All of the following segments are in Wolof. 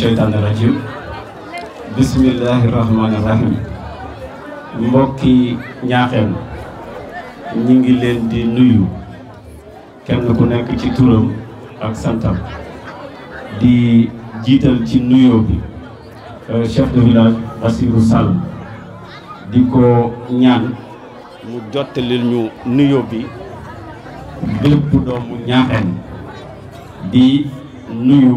seytaane rajim bismillahi rahmaani mbokki ñaaxeen ñi ngi leen di nuyu kenn ku nekk ci turam ak santam di jiital ci nuyoo bi euh, chef de village di ko ñaan mu jottalil ñu nuyoo bi bépp doomu ñaaxeen di nuyu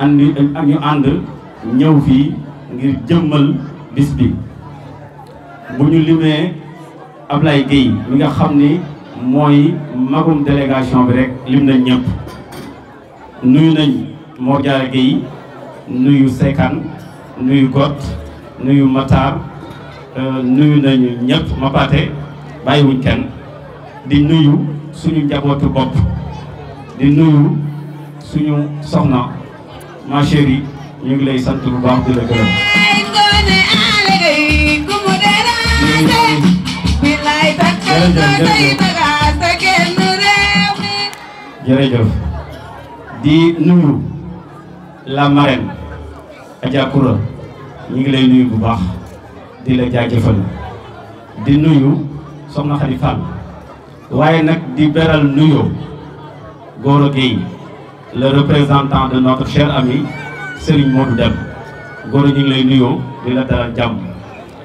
andi ak ñu ànd ñëw fii ngir jëmmal bis bi bu ñu limee Ablaye Gueye mi nga xam ni mooy magum délégation bi rek lim nañ ñëpp nuyu nañ Mor Diarra Gueye nuyu Sekan nuyu Got nuyu Matar euh, nuyu nañu ñëpp Mapate bàyyiwuñ kenn di nuyu suñu njabootu bopp di nuyu suñu soxna ma chérie ñu ngi lay sant bu baax di la gërëm jërëjëf di nuyu la marraine Adja Koura ñu ngi lay nuyu bu baax di la jaajëfal di nuyu soxna Xadi waaye nag di beral nuyoo Gora Gueye le représentant de notre cher ami Serigne Modou Deme góor ñu ngi lay nuyoo di la dalal jàmm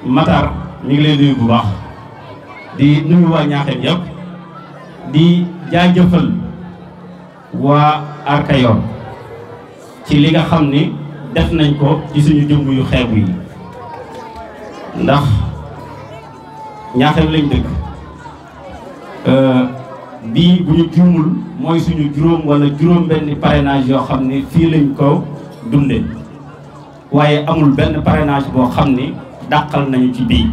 Matar ñu ngi lay nuyu bu baax di muy waa Ñaaxeen yëpp di jaajëfal waa Arkayor ci li nga xam ni def nañ ko ci suñu jëmm yu xeebu yi ndax Ñaaxeen lañ dëkk euh, bii bu ñu juumul mooy suñu juróom wala juróom-benn parrainage yoo xam ni fii lañ ko dunde waaye amul benn parrainage boo xam ni dàqal nañu ci bii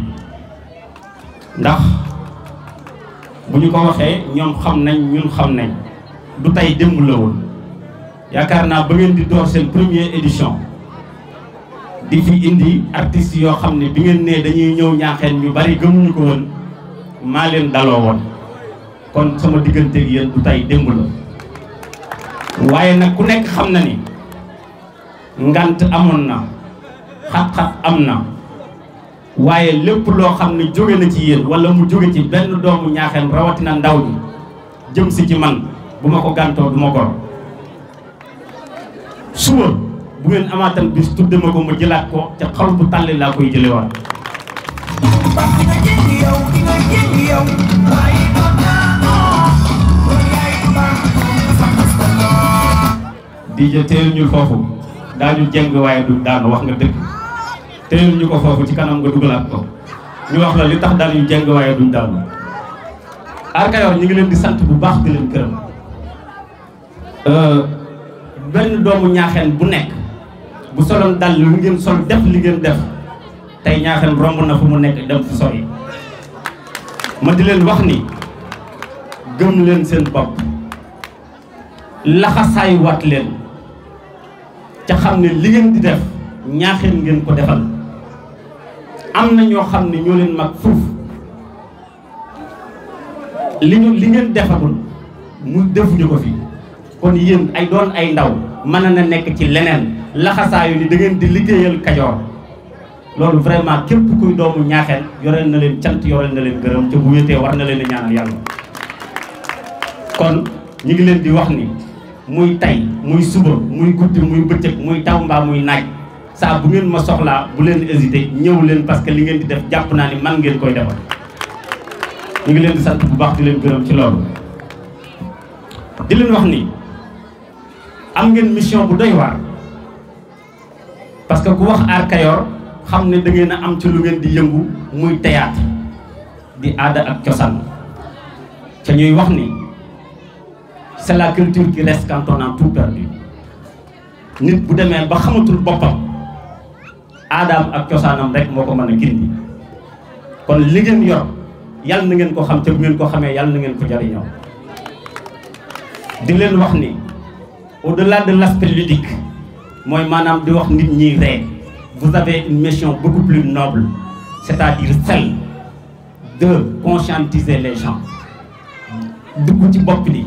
ndax bu ñu ko waxee ñoom xam nañ ñun xam nañ du tey démb la woon yaakaar naa ba ngeen di door seen première édition di fi indi artistes yoo xam ne bi ngeen nee dañuy ñëw ñaaxeen ñu bari gëmuñu ko woon maa leen daloo woon kon sama digganteeg yéen du tey démb la waaye nag ku nekk xam na ni ngànt amoon na xat-xat am na waaye lépp loo xam ne jóge na ci yéen wala mu jóge ci benn doomu ñaaxeen rawatina ndaw ñi jëm ci man bu ma ko gàntoo du ma gor suba bu ngeen amaatam bis tudde ma ko ma jëlaat ko ca xol bu tàlli laa koy jëlewaat di je téyel ñu foofu daañu jeng waye du daan wax nga dekk téyel ñu ko ci kanam nga dugulat ko ñu wax la li tax daañu jeng waaye duñ daanu arkayor ñi ngi leen di sant bu baax di leen euh ben doomu ñaaxen bu nekk bu solon dal lu ngeen sol def li ngeen def tay ñaaxen romb na fu mu nekk dem fu sori ma di leen wax ni gëm leen seen la xassay wat leen ca xam ne li ngeen di def ñaaxeen ngeen ko defal am na ñoo xam ne ñoo leen mag fuuf li ñu li ngeen defagul mu defuñu ko fi kon yéen ay doon ay ndaw mën na nekk ci leneen laxasaayu ni da ngeen di liggéeyal kajoor loolu vraiment képp kuy doomu ñaaxeen yoreel na leen cant yoreel na leen gërëm te bu war na leen a ñaanal yàlla kon ñu ngi leen di wax ni muy tay muy suba muy guddi muy bëccëg muy taw mbaa muy naaj saa bu ngeen ma soxlaa bu leen hésité ñëw leen parce que li ngeen di def jàpp naa ni man ngeen koy defal ñu ngi leen di sant bu baax di leen gërëm ci loolu di leen wax ni am ngeen mission bu doy waar parce que ku wax aar Kayoor xam ne da ngeen a am ci lu ngeen di yëngu muy théâtre di aada ak cosaan ca ñuy wax ni c'est la culture qui reste quand on a tout perdu nit bu demee ba xamatul boppam Adam ak cosaanam rek moo ko mën a gindi kon li ngeen yor yàlla na ngeen ko xam te bu ngeen ko xamee yàlla na ngeen ko jariñoo di leen wax ni au delà de l'aspect ludique moi maanaam di wax nit ñi ree vous avez une mission beaucoup plus noble c'est-à-dire celle de conscientiser les gens dugg ci bopp ni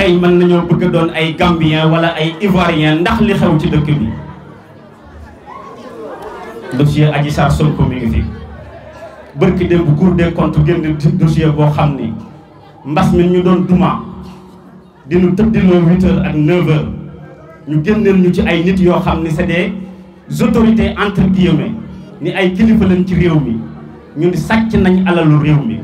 ay man nañoo bëgg doon ay gambien wala ay ivoirien ndax li xew ci dëkk bi dossier Adji Sarr Sonko mi ngi fi bërki démb Cour des comptes génn dossier boo xam ni mbas mi ñu doon duma dinu tëddiloo huit heures ak neuf ñu génneel ñu ci ay nit yoo xam ni c'est des autorités entre guillemets ni ay kilifa lañ ci réew mi ñun sàcc nañ alalu réew mi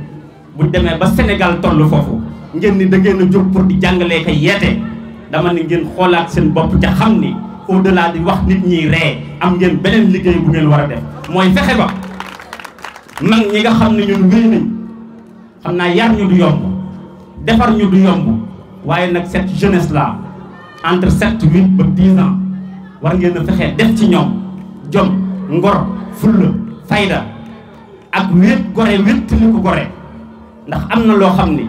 buñ demee ba Sénégal toll foofu ngeen ni da ngeen a jóg pour di jàngalee kay yeete dama ni ngeen xoolaat seen bopp ca xam ni au delà di wax nit ñi ree am ngeen beneen liggéey bu ngeen war a def mooy fexe ba mag ñi nga xam ne ñun wéy xam naa yar ñu du yomb defar ñu du yomb waaye nag set jeunesse là entre sept huit ba dix ans war ngeen a fexe def ci ñoom jom ngor fulla fayda ak wéet gore wéttali ko gore ndax am na loo xam ni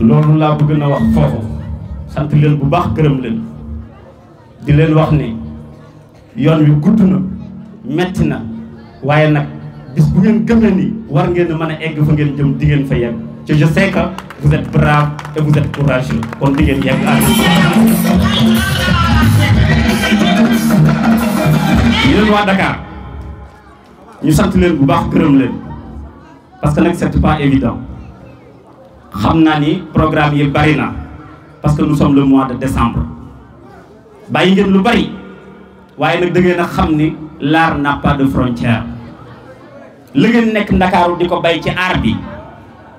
loolu laa bëgg na wax foofu sant leen bu baax gërëm leen di leen wax ni yoon wi gudd na metti na waaye nag bis bu ngeen gëmee ni war ngeen mën a egg fa ngeen jëm di ngeen fa yegg te je sais que vous êtes brave et vous êtes courageux kon di ngeen yegg ak yéen waa Dakar ñu sant leen bu baax gërëm leen parce que nag c'est pas évident xam naa ni programme yi bari na parce que nu sommes le mois de décembre bàyyi ngeen lu bari waaye nag da ngeen xam ni laar n'a pas de frontière li ngeen nekk ndakaaru di ko bay ci aar bi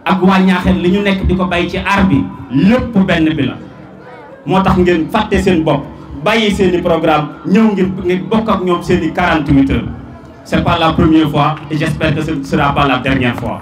ak waa Ñaaxeen li ñu nekk di ko bay ci aar bi lépp benn bi la moo tax ngeen fàtte seen bopp bàyyi seen i programme ñëw ngeen ngeen bokk ak ñoom seen i 48 heures c'est pas la première fois et j'espère que ce ne sera pas la dernière fois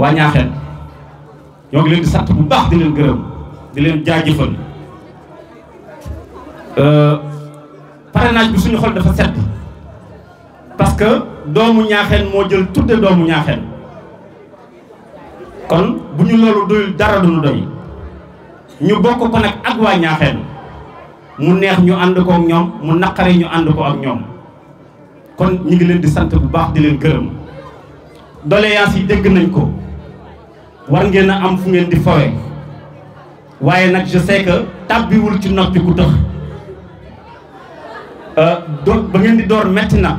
waa ñaaxeen ñoo ngi leen di sant bu baax di leen gërëm di leen jaajëfal euh, parrainage bi suñu xol dafa sedd parce que doomu ñaaxeen moo jël tudde doomu ñaaxeen kon bu ñu loolu doyul dara duñu doy ñu bokk ko nag ak waa ñaaxeen mu neex ñu ànd ko ñoom mu naqare ñu ànd ko ak ñoom kon ñu ngi leen di sant bu baax di leen gërëm doléances yi dégg nañ ko war ngeen a am fu ngeen di fawe waaye nag je sais que tàbbiwul ci noppi ku tëx euh, do ba ngeen di door metti na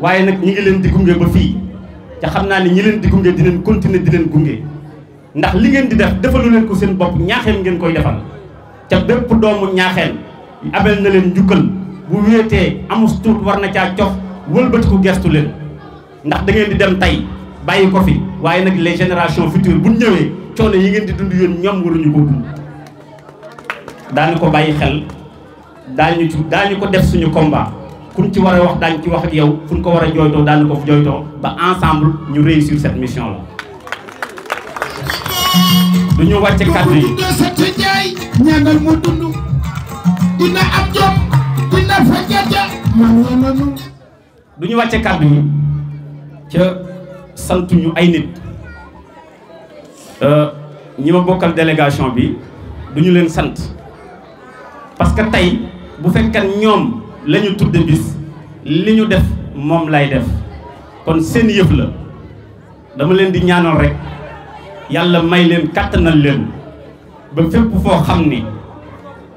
waaye nag ñi ngi leen di gunge ba fii te xam naa ni ñi leen di gunge di leen continuer di leen gunge ndax li ngeen di def defalu leen ko seen bopp ñaaxeen ngeen koy defal ca bépp doomu ñaaxeel abel na leen njukkal bu wéetee amus tuut war na caa cof wëlbatiku gestu leen ndax da ngeen di dem tey bàyyi ko fi waaye nag les génération futures bu ñëwee coono yi ngeen di dund yéen ñoom waruñu ko dund ko bàyyi xel daañu ci ko def suñu combat kuñ ci war a wax daañu ci wax ak yow fuñ ko war a jooytoo daañu ko jooytoo ba ensemble ñu réussir cette mission la du ñu wàcce kàddu yi ñaanal mu dund dina am du ñu wàcce kàddu yi ca saltuñu ay nit euh, ñi ma bokkal délégation bi du ñu leen sant parce que tey bu fekkan ñoom lañu ñu tudde bis li ñu def moom lay def kon seen yëf la dama leen di ñaanoon rek yàlla may leen kàttanal leen ba fépp foo xam ni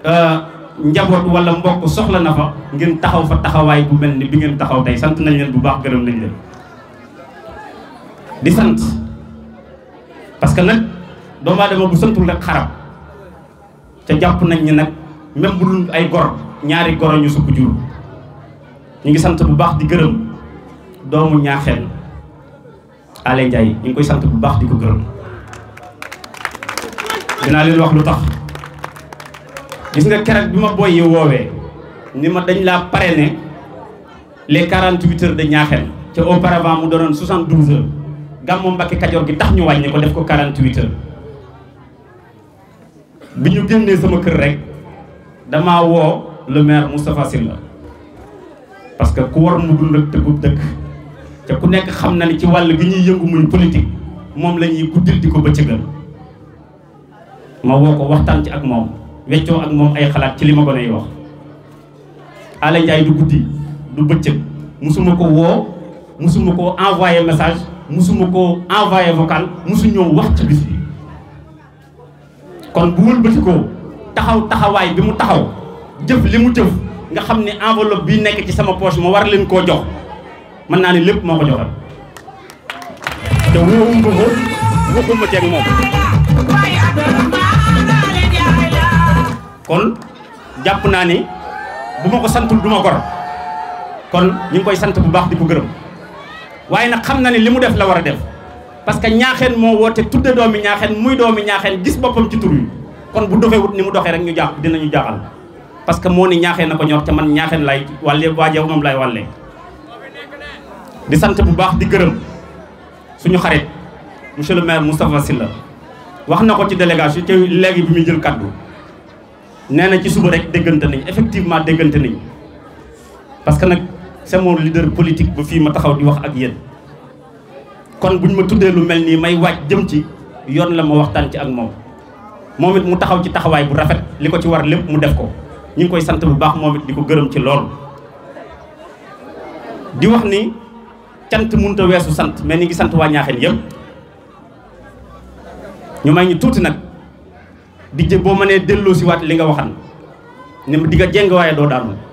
euh, njaboot wala mbokk soxla na fa ngeen taxaw fa taxawaay bu mel ni bi ngeen taxaw tey sant nañ leen bu baax gërëm nañ leen di parce que nag doomu bu santul rek xaram te jàpp nañ ni nag même bu dul ay gor ñaari goro ñu sukk jur ñu ngi sant bu baax di gërëm doomu ñaaxeen Alé Ndiaye ñu ngi koy bu baax di ko gërëm dinaa leen wax lu tax gis nga ni ma les 48 heures de ñaaxeen ca 72 heures gàmmu Mbàkke Kajoor gi tax ñu wàññi ko def ko 48 heures bi ñu génnee sama kër rek damaa woo le maire Moustapha Sylla parce que ku war mu dund ak tëggub dëkk te ku nekk xam na ni ci wàll gi ñuy yëngu muy politique moom la ñuy guddil di ko bëccëgal ma woo ko waxtaan ci ak moom weccoo ak moom ay xalaat ci li ma gone yi wax Aly Ndiaye du guddi du bëccëg musuma ko woo musuma ko envoyé message musuma ko envoyé vocal musu ñëw wax ci bi kon bu wëlbati ko taxaw taxaway bi mu taxaw jëf limu jëf nga xamni enveloppe bi nekk ci sama poche mo war leen ko jox mën naa ne lépp moo ko joxal te wóowuma ko mom kon japp nani ni buma ko santul duma gor kon ñu koy sant bu baax di ko gëreum waaye nag xam na ne li mu def la war a def parce que ñaaxeen moo woote tudde doomi ñaaxeen muy doomi ñaaxeen gis boppam ci tur yi kon bu doxee wut ni mu doxee rek ñu jaax dinañu jaaxal parce que moo ni ñaaxeen na ko ñor te man ñaaxeen lay wàlle waajew moom lay wàlle di sant bu baax di gërëm suñu xarit monsieur le maire Moustapha Sylla wax na ko ci délégation ci léegi bi muy jël kàddu nee na ci suba rek déggante nañ effectivement déggante nañ parce que c'est mon leader politik bu matahau ma taxaw di wax ak yeen kon buñ ma tuddé lu melni Mawit may wajj dem ci yoon la ma waxtan ci ak mom momit mu taxaw ci taxaway bu rafet liko ci war lepp mu def ko ñing koy sant bu baax momit diko gëreum ci lool di wax ni tiant munta wessu sant mais ni ngi sant waa Ñaaxeen yëpp ñu may ñu tuuti nak di jé bo mané delo ci wat li nga waxan ni jeng waye do daanu